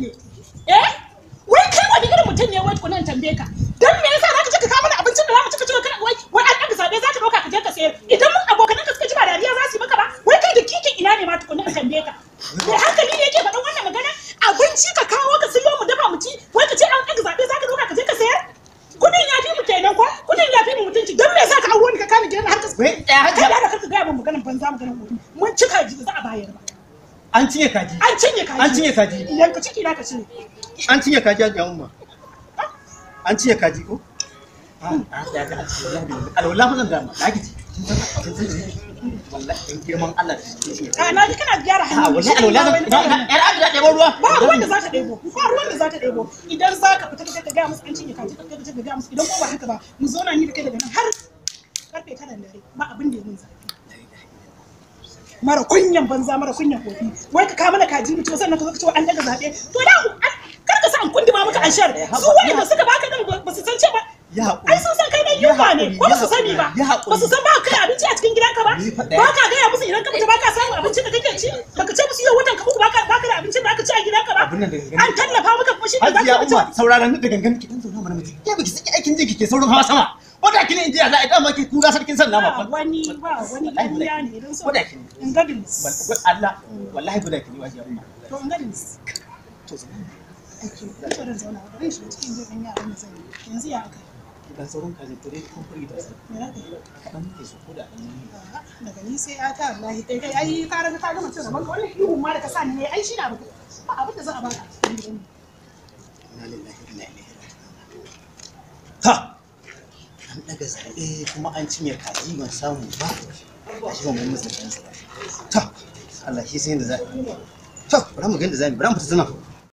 mutum ne eh wai kai wani irin mutum ne wai kunan tambaye ka dan me yasa zaka je ka kawo mana abincin da zamu ci ka ci kana wai wai an aka zabe zaka dauka ka je ka sayar idan mun abokanan ka suka ji ba dariya za su yi maka ba wai kai da kikin ina ne ma tukunan tambaye ka me hankali ne yake faɗan wannan magana abinci ka kawo ka siyo mu dafa mu ci wai ka ce an ga zabe zaka dauka ka je ka sayar kudin ya fi mu kenan ko kudin ya fi mu mutunci dan me yasa ka hawo ni ka kame gidan har ka kai da ka ga mu maganar banza maganar mun cika ji za a bayar ba an cinye kaji an cinye kaji an cinye kaji idan ciki na ka cinye an cinye kaji a jami'an ma an cinye kaji ko ah, alwala fa zan gama na gici wallahi girman Allah a ah, na ji kana gyara hanyar ah, wallahi alwala zan yar aji da ɗebo ruwa ba ruwan da za ta ɗebo ba ruwan da za ta ɗebo idan za ka fita ka ga musu an cinye kaji ka ga musu idan ko ba haka ba mu zauna ni da kai daga nan har karfe 9 dare ba abin da ya mun mara kunyan banza mara kunyan kofi wai ka kama na kaji mutu sannan ka zo ka ce an daga zabe to da kar ka sa an kundi kundima maka anshar su wanda suka baka dan ba su san ce ba ai sun san kai dan yunwa ne ko ba su sani ba ba su san ba kai abinci a cikin gidanka ba ba ka ya musu idan ka fita ba ka samu abinci da kake ci baka ce musu yau watan ka muku ba ka da abinci ba ka ci a gidanka ba an tallafa maka kuma shi ne za ka ci sauraron da gangan ki dan zauna mana miji ya baki saki aikin jiki ke sauran hawa sama kini kin inji za a dama kura sarkin sannan ba wani ba wani ne don so kin in Allah wallahi to in gadin to zaman ake kusa a yanzu ya ka ne kure da ke su daga ni sai ya ta wallahi kai kai ai ka raga ta gama cin gaban ka wannan ihun ma da ka sa ni ai shi na ba abin da za a baka daga zaɓe kuma an cinye kaji ban samu ba a shi ban mai musu da to Allah shi sai da to bari mu ga bari mu fita